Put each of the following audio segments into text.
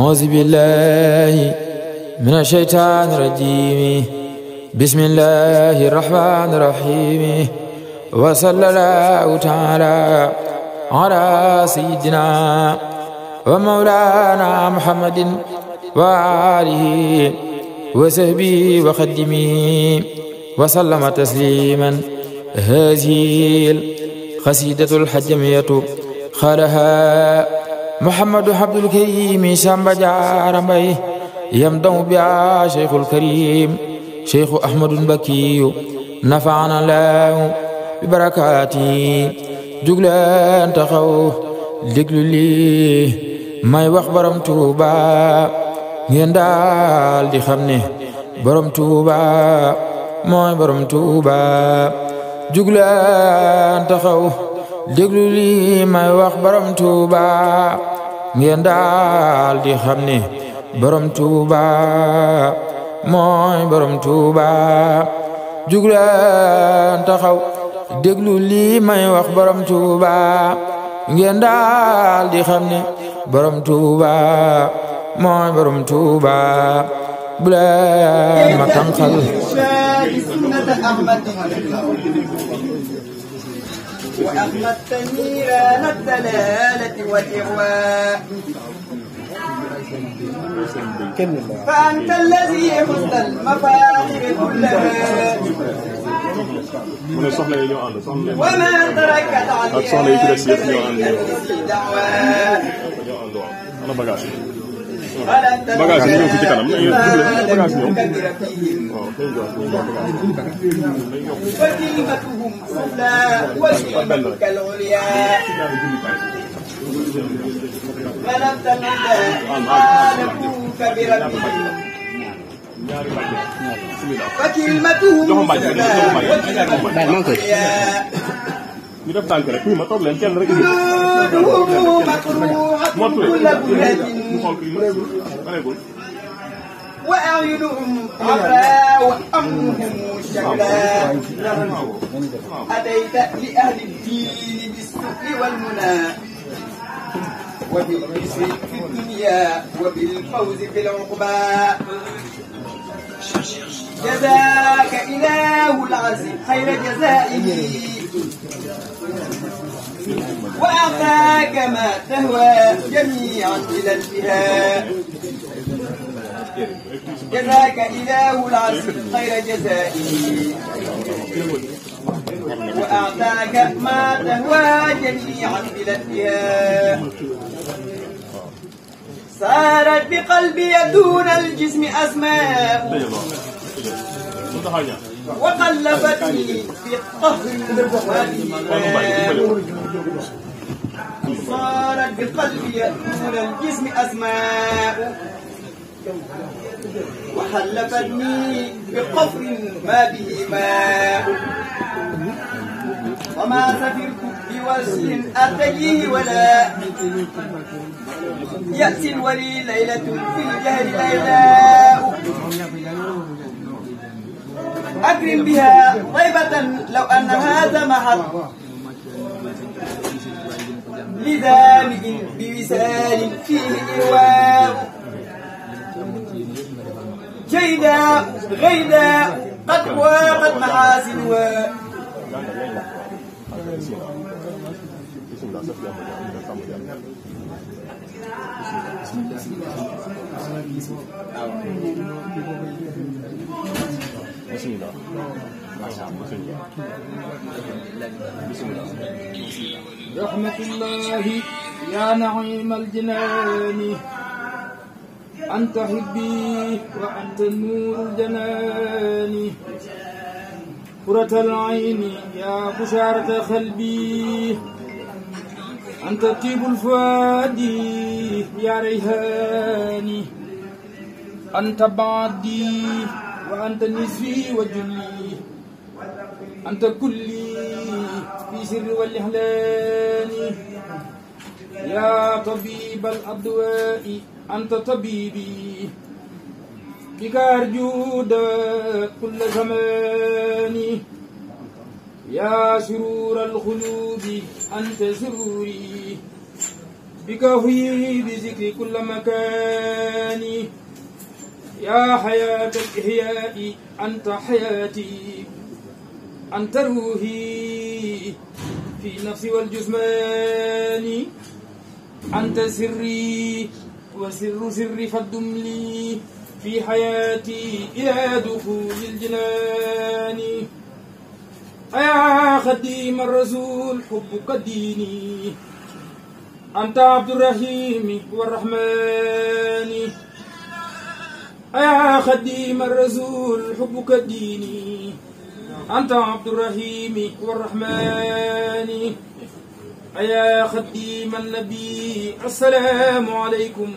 أعوذ بالله من الشيطان الرجيم بسم الله الرحمن الرحيم وصلى الله تعالى على سيدنا ومولانا محمد وآله وسهبي وخدمي وسلم تسليما هذه القصيدة الحجمية خالها muhammadu abdul karimi samba jaara mbay yam damu biya cheikhul karim cheikhu ahmadul mbakiyu nafaana lahu bi barakaati jug leen taxaw déglu lii may wax borom tuuba ngeen daal di xam ne borom tuuba mooy borom tuuba jug leen taxaw déglu lii may wax borom tuuba ngeen daal di xam ne borom tuuba mooy borom tuuba jug leen taxaw déglu lii may wax borom tuuba ngeen daal di xam ne borom tuuba mooy borom tuuba bu leen ma tànqal وأما نيران الدلالة والإغواء فأنت الذي خذت المفاخر كلها وما تركت عليها من دعوى bagage ñu ci kanam ñu bagage ñu فلم تمد بربهم فكلمتهم ñu def tànk وأعينهم عمرا وأمهم شكلا أتيت لأهل الدين بالسؤل والمنى وبالعسر في الدنيا وبالفوز في العقبى جزاك إله العزيز خير جزائه وأعطاك ما تهوى جميعا إلى الانتهاء جزاك إله العزيز خير جزائه وأعطاك ما تهوى جميعا إلى الانتهاء صارت بقلبي دون الجسم أسماء وقلبتني في قهر صارت بقلبي طول الجسم أسماء وحلفتني بقفر ما به ماء وما سفرت بوجه أتيه ولا يأتي الولي ليلة في الجهل ليلاء أكرم بها طيبة لو أن هذا حد لدامج بوسال فيه إرواء جيدا غيدا قد واقت محاسن و بسم الله بسم الله بسم الله رحمة الله يا نعيم الجنان أنت حبي وأنت نور الجنان قرة العين يا بشارة قلبي أنت طيب الفادي يا ريهاني أنت بعدي وأنت نسبي وجلي أنت كلي في سر والإحلان يا طبيب الأدواء أنت طبيبي بك أرجود كل زمان يا سرور الخلود أنت سروري بك هي بذكر كل مكان يا حياة الإحياء أنت حياتي أنت روحي في نفسي والجثمان أنت سري وسر سري فالدم لي في حياتي إلى دخول الجنان يا خديم الرسول حبك ديني أنت عبد الرحيم والرحمن يا خديم الرسول حبك ديني أنت عبد الرحيم والرحمن يا خديم النبي السلام عليكم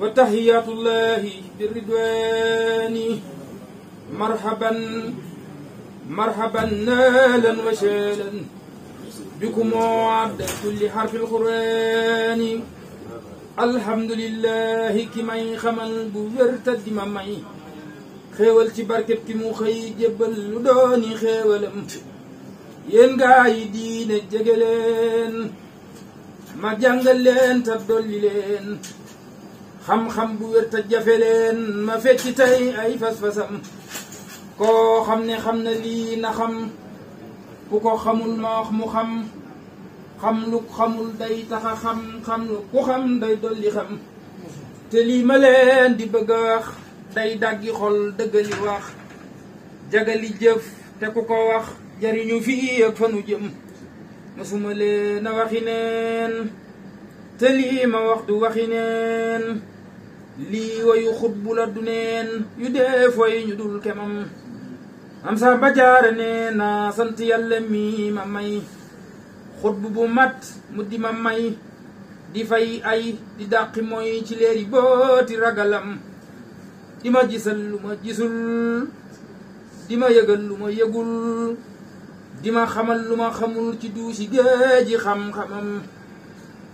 وتحيات الله بالرضوان مرحبا مرحبا نالا وشالا بكم وعبد كل حرف القرآن alhamdulillahi ki may xamal bu wér te di ma may xéewal ci barkeb ki mu xëy jébbal lu dooni xéewalam yéen gaa yi diine jege leen ma jàngal leen te dolli leen xam-xam bu wér te jafe leen ma fekki tey ay fas-fasam koo xam ne xam na lii na xam ku ko xamul ma wax mu xam xam lu xamul day taxa xam xam lu ku xam day dolli xam te lii ma leen di bëgg a wax day daggi xol dëggali wax jagali jëf te ku ko wax jariñu fii ak fanu jëm masuma leen a waxi neen te lii ma wax du waxi neen lii wayu xutbu la du neen yu dee foy ñu dul kemam am sa bajaare nee naa sant yàlla mi ma may xutbu bu mat mu di ma may di fay ay di dàqi mooy ci leeri booti ragalam di ma gisal lu ma gisul di ma yëgal lu ma yëgul di ma xamal lu ma xamul ci duusi géeji xam-xamam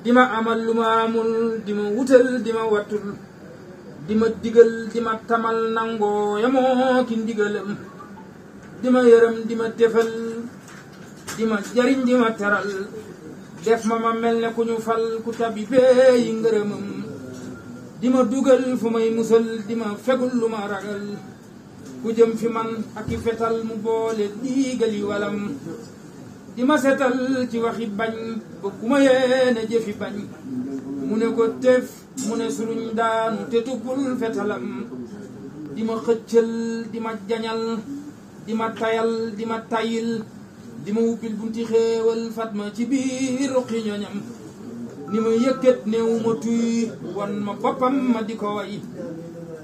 di ma amal lu ma amul di ma wutal di ma wattul di ma digal di ma tamal nangoo yamoo ki ndigalam di ma yërëm di ma tefal di ma jariñ di teral def mama ma ku ñu fal ku tabi be yi di dima dugal fu may musal di fegul luma ragal ku jëm fi man ak fetal mu boole digali walam di setal ci waxi bañ bu kuma ma jëfi bañ mu ne ko tef mu ne suñu daan te fetalam dima xëccël dima di dima jañal di tayal dima tayil di ma ubbil bunti xewal fatma ci biir ruqi ñoñam ni ma yëkkat néew tuy wan ma boppam ma di ko way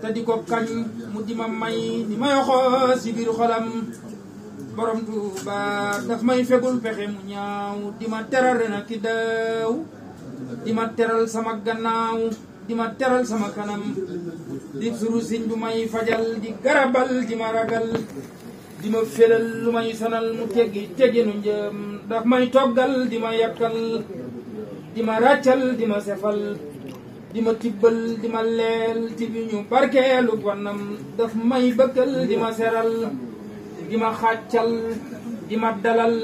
te di ko kañ mu di ma may ni ma yoxoo si biir xolam borom tuuba daf may fegul pexe mu ñaaw di ma teral rena ki daaw di ma teral sama gannaaw di ma teral sama kanam di suru siñ bu may fajal di garabal di ma ragal di ma félal lu may sanal mu teggi tegginu njëm daf may toggal di ma yàkkal di ma ràccal di ma sefal di ma tibbal di ma leel ci bi ñu barkeelu bonam daf may bëkkal di ma seral di ma xàccal di ma dalal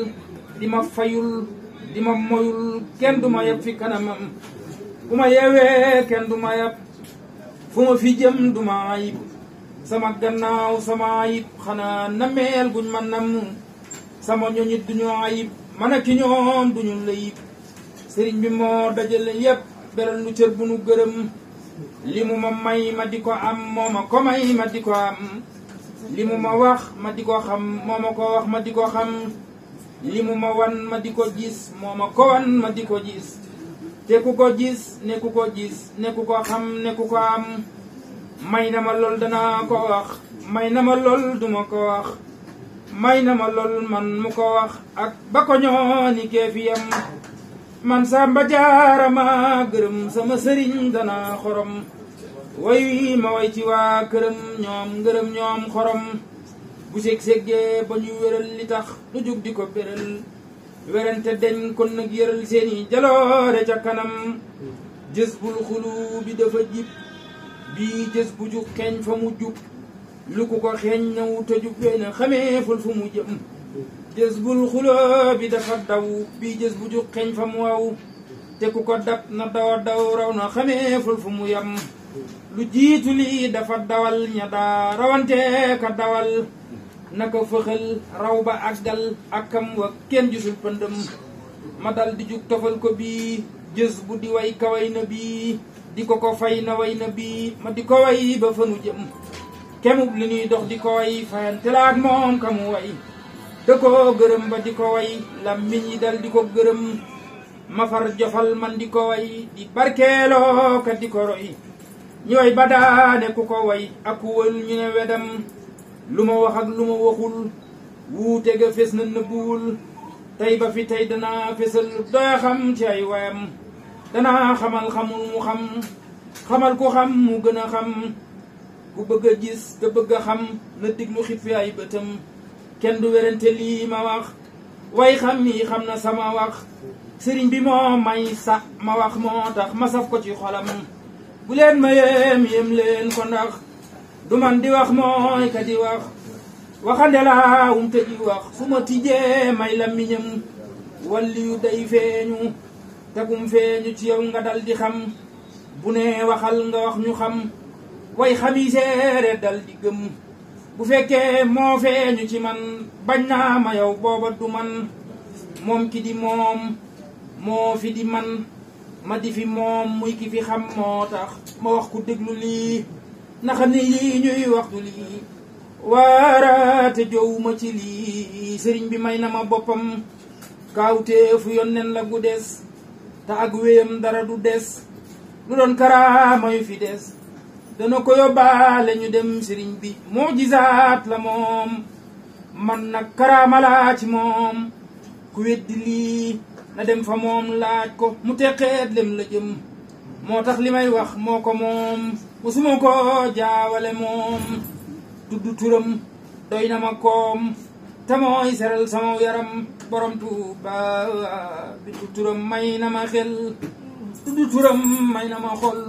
di ma fayul di ma moyul kenn du ma yab fi kanamam bu ma yeewee kenn du ma yab fu ma fi jëm du ma ayib sama gannaaw sama ayib xanaa nameel guñ ma nam sama ñoñit duñu ayib man a ki ñoom duñu layib sëriñ bi moo dajale yépp beral nu cër bu nu gërëm li ma may ma di ko am moo ma ko may ma di ko am li mu ma wax ma di ko xam moo ko wax ma di ko xam li ma wan ma di ko gis moo ko wan ma di ko gis te ko gis ne ko gis ne ko xam ne ko am may na ma lool danaa ko wax may na ma lool duma ko wax na ma lool man mu ko wax ak ba ko ñooni keefiyam man Samba Jaara ma gërëm sama sëriñ danaa xorom way wi ma way ci waa këram ñoom ngërëm ñoom xorom bu seeg seggee ba ñu wéral li tax lu jug di ko béral werante deñ kon nag yëral seeni jaloore ca kanam jës bul xulu bi dafa jib bii jës bu jub xeeñ fa mu jub lu ko ko xeeñ na wu te jub wee na xameeful fu mu jëm jës bul xuloo bi dafa daw bii jës bu jub xeeñ fa mu waw te ku ko dab na dawa daw raw na xameeful fu mu yem lu jiitu lii dafa dawal ña daa rawante ka dawal naka fëxal raw ba àggal akam wa kenn gisul pëndëm ma dal di jug tofal ko bii jës bu di way kaway na bii di ko ko fay na way na bii ma di ko way ba fanu jëm kemub li ñuy dox di ko way fayante la ak moom kamu way da ko gërëm ba di ko way làmmiñ yi dal di ko gërëm ma far jofal man di ko way di barkeeloo ka di ko roy ñu way ba daane ku ko way ak ku wël ñu ne wedam lu ma wax ak lu ma waxul wuute ga fes na nëbbuwul tey ba fi tey dana fesal doya xam ci ay wayam dana xamal xamul mu xam xamal ku xam mu gën a xam ku bëgg a gis te bëgg a xam na diglu xippi ay bëtam kenn du werante lii ma wax way xam yi xam na sama wax sëriñ bi moo may sa ma wax moo tax ma saf ko ci xolam bu leen ma yem yem leen ko ndax du man di wax mooy ka di wax waxande laa um te di wax fu ma tijjee may la miñam yu day feeñu takum feeñu ci yow nga dal di xam bu ne waxal nga wax ñu xam way xami seere dal di gëm bu fekkee moo feeñu ci man bañ naa ma yow booba du man moom ki di moom moo fi di man ma di fi moom muy ki fi xam moo tax ma wax ku déglu lii naxa ni lii ñuy waxtu lii waaraate jowuma ci lii sëriñ bi may na ma boppam kaawtee fu yonnen la gu des te ak wéyam dara du des lu doon karaama yu fi des dana ko yóbbaale ñu dem sëriñ bi moojizaat la moom man nag karaama laa ci moom ku weddi lii na dem fa moom laaj ko mu teqeet lem la jëm moo tax li may wax moo ko moom musuma ko jaawale moom tudd turam doy na ma koom tamoy seral sama yaram borom tu ba bi turam may na ma xel du turam may na ma xol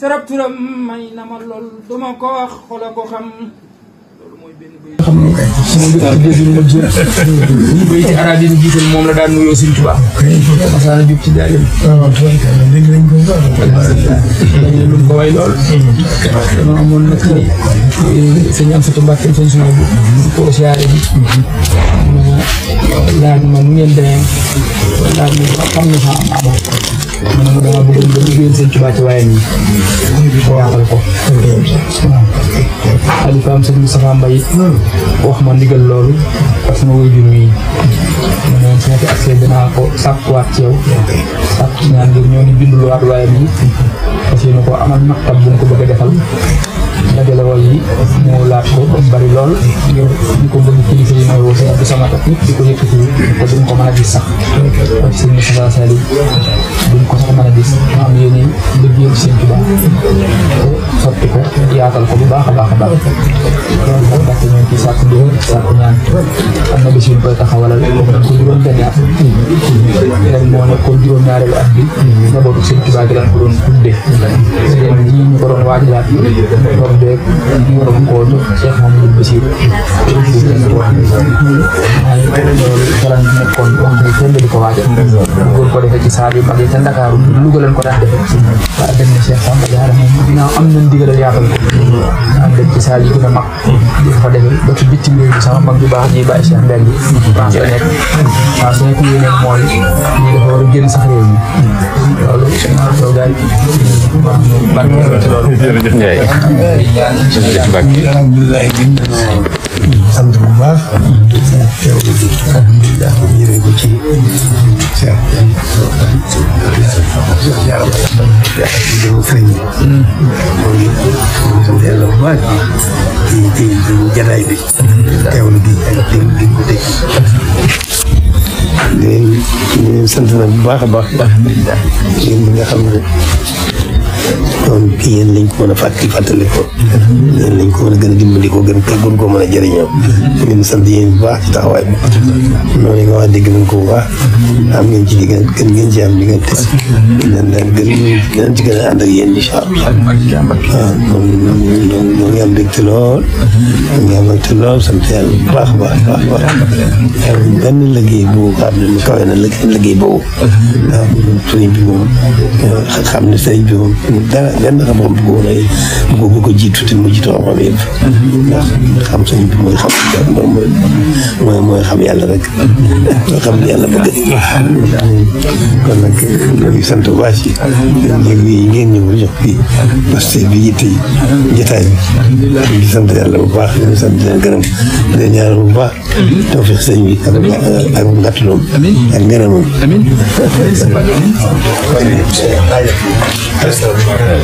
sarab turam may na ma lol duma ko wax xola ko xam nga kay ci suñu dëkk bi dégg nañu jéem. ñu béy ci arabe yi ñu jiital moom la daan nuyoo Sëriñ Tuubaa. kay masaana jub ci jaay dem. waaw waaw tubaab kay nag dégg nañ ko bu baax. dañ ne lu way lool. dañoo amoon nag sëñ Amsatu Mbàkke sëñ suñu bu ko siyaare bi. laaj ma nu ngeen demee laaj ma xam nga fa am amoon. man damaa bëggoon ba liggéeyal sëñ Tuubaa ci waaye nii waaxal ko xalifaam sëñ Moustapha Mbaye wax ma ndigal loolu parce que ma wéy jur yi ma ne woon su ma fi accès dinaa ko sàkkuwaat ci yow sàkku ci ñaan ngir ñoo ni binduluwaat waaye nii parce que ñu ko amal maktab bu ñu ko bëgg a defal dajale woon bi mu laaj ko mu bari lool ngir ñu ko bëgg kilifa yi mooy woo sëñ Abdou di ko yëkkati te duñ ko mën a gis sax ak sëñ Moussa Sali duñ ko sax mën a gis mu am yéen i liggéey sëñ Tuba sotti ko yaatal ko bu baax a baax a baax loolu nag ndaxte ñoo ngi ci sàkk di sàkk ñaan ada perempuan tuh siapa mau minum besi terus di perempuan nah itu jalan net konpon itu dari kawasan gue pada kaki sari dulu gue lalu ada tak ada nasihat sampai jarang nah amnan tiga dari apa ada itu nama pada batu bicin dulu sama bang di dari rasanya rasanya itu yang mau ini organ sahrim lalu kalau dari bang bang jërëjëf Mbacke sant bu baax. sant na bu baax a baax. yéen ñi nga xam ne loolu yéen lañ ko mën a fàttali fàttali ko yéen lañ ko mën a gën a dimbali ko gën ko gën koo mën a jëriñoo ngeen sant yéen bu baax ci taxawaay bi noonu nga wax dégg nañ ko bu baax am ngeen ci diggante gën ngeen ci am diggante dinañ leen gën dinañ ci gën a ànd ak yéen incha allah waaw noonu noonu ngi am mbégte lool ngi am mbégte lool sant yàlla bu baax a baax baax baax am benn liggéey bu xam ne kawe na liggéey boobu waaw sëriñ bi moom xam ne sëriñ bi moom dara lenn xam-xam bu ko lay bu ko bëgg a jiitu te mu jiitu xam-xam yëpp. ndax xam sañ bi mooy xam mooy mooy xam yàlla rek. mooy xam li yàlla bëgg. kon nag yi. léegi yi ngeen ñëw jox fii. parce que bi yitte yi jotaay bi. sant yàlla bu baax ñu ngi sant leen gërëm di ñaanal bu baax. tawfiq sëñ bi ak ak ngàttaloom ak ngërëmam. amiin.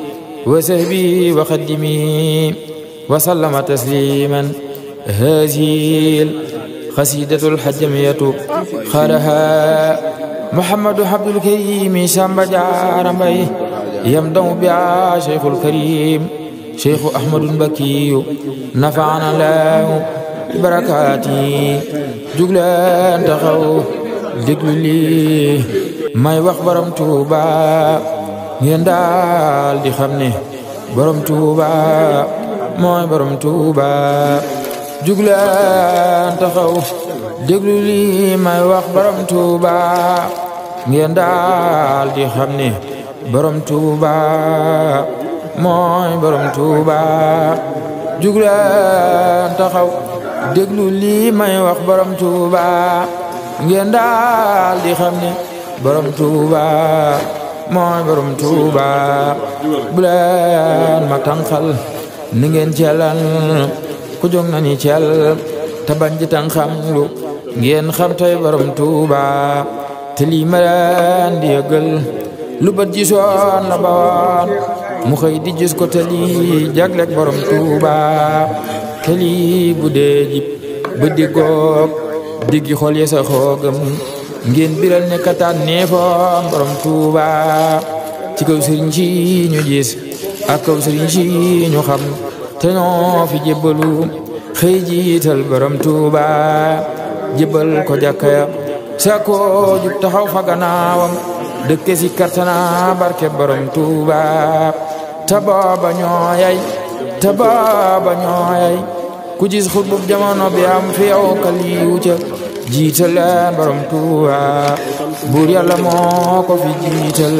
وسهبي وخدمي وسلم تسليما هذه القصيدة الحجمية خرها محمد عبد الكريم سامبجا رمي يمدو بها شيخ الكريم شيخ أحمد بكي نفعنا له بركاتي جغلا تخو ذكر لي ما يوخ توبا ngeen dal di xamne borom tuba moy borom tuuba jugla taxaw deglu li may wax borom tuba ngeen dal di xamne borom tuuba moy borom tuba jugla taxaw deglu li may wax borom tuuba ngeen dal di xamne borom tuuba mooy borom Tuuba bu leen ma tànqal ni ngeen celal ku jóg na ni cel te bañ ci tànqam lu ngeen xam tey borom Tuuba te lii ma di yëgal lu bët gisoon la bawoon mu xëy di gis ko te lii jagleeg borom Tuuba te lii bu dee jib ba diggoog xol ya sa ngeen biral ne kata neefoon borom Touba ci ko sëriñ si ñu gis ak ko sëriñ si ñu xam te no fi jébbalu xey jital borom Touba jébbal ko jàkka sa ko ju taxaw fa ganawam dëkke si kartana barke borom Touba te booba ñoo yay ku gis xutbub jamono bi am fi yow kali jiite leen borom Tuuba buur yàlla moo ko fi jiital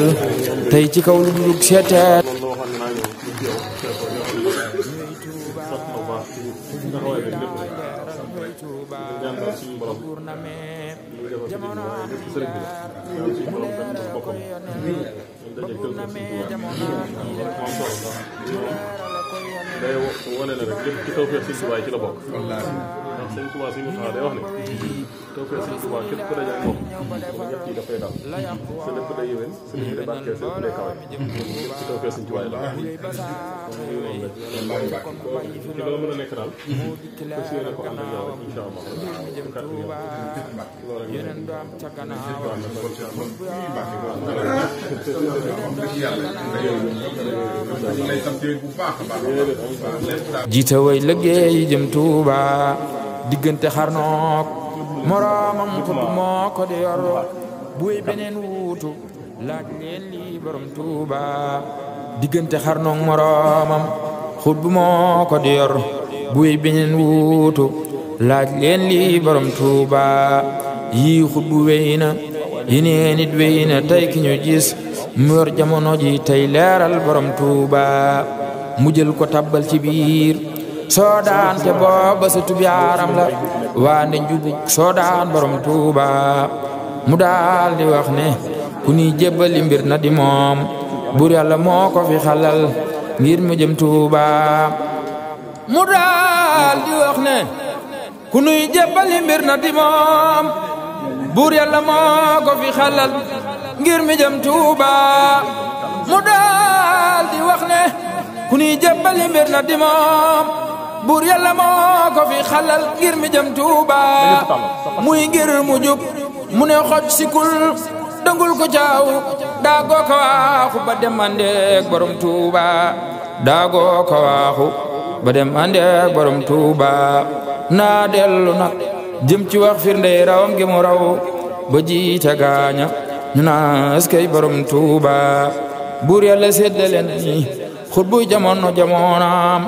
tey ci kaw lu dul seeteet wane na rek lépp ci tawfeex Sëñ Tuubaa ci la bokk. wallaahi ndax Sëñ Tuubaa Sëñ Moussa day wax ne. tawfeex Sëñ Tuubaa képp ku daje ak moom. moom ñett yi dafay daal. sa lépp day yéwén sa lépp day barkeel sa lépp day kawe. lépp ci tawfeex Sëñ Tuubaa la bokk. ci loolu mën a nekk daal. fas yéene ko ànd ak yow rek incha allah. loolu rek la ñu. waaw jiite way liggéey jëm Tuuba diggante xarnook moroomam xut moo ko di yor buy beneen wuutu laaj leen li borom Tuuba diggante xarnook moroomam xut bu moo ko di yor buy beneen wuutu laaj leen li borom Tuuba yii xut bu wéy na yeneen it wéy ki ñu gis mu yor jamono ji tey leeral borom Tuuba mu jël ko tabbal ci biir soodaan te booba sa tub la waa nde njubug soodaan borom tuuba mu daal di wax ne ku ni jébbali mbir na di moom bur yàlla moo ko fi xalal ngir mu jëm tuuba mu daal di wax ne ku nuy jébbali mbir na di moom buur yàlla moo ko fi xalal ngir mi jëm tuuba mu daal di wax ne ku ñuy jébbali mbir na di buur yàlla moo ko fi xalal ngir mi jëm Tuuba muy ngir mu jub mu ne xoj sikul dëngul ko caaw daa goo ko ba dem àndeeg borom Tuuba daa goo ko ba dem àndeeg borom Tuuba naa dellu nag jëm ci wax firndey rawam gi mu raw ba jiite gaaña ñu naa askay borom Tuuba buur yàlla séddale na ñi xutbu jamono jamonaam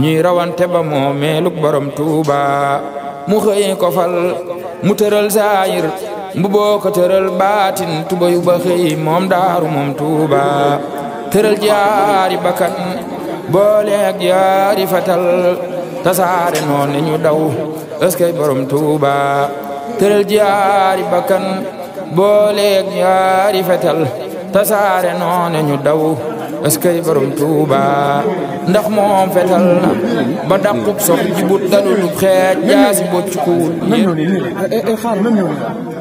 ñuy rawante ba moo meeluk borom tuuba mu xëy ko fal mu tëral saayir mbu boo baatin tuba yu moom daaru moom tuuba tëral jaari bakkan booleeg jaari fatal tasaare noon ne ñu daw ëskay borom tuuba tëral jaari bakkan booleeg jaari fatal tasaare noon ñu daw est-ce que borom Touba ndax moom fetal na ba dàqub sox jibut dalul xeej jaasi bocc ko wut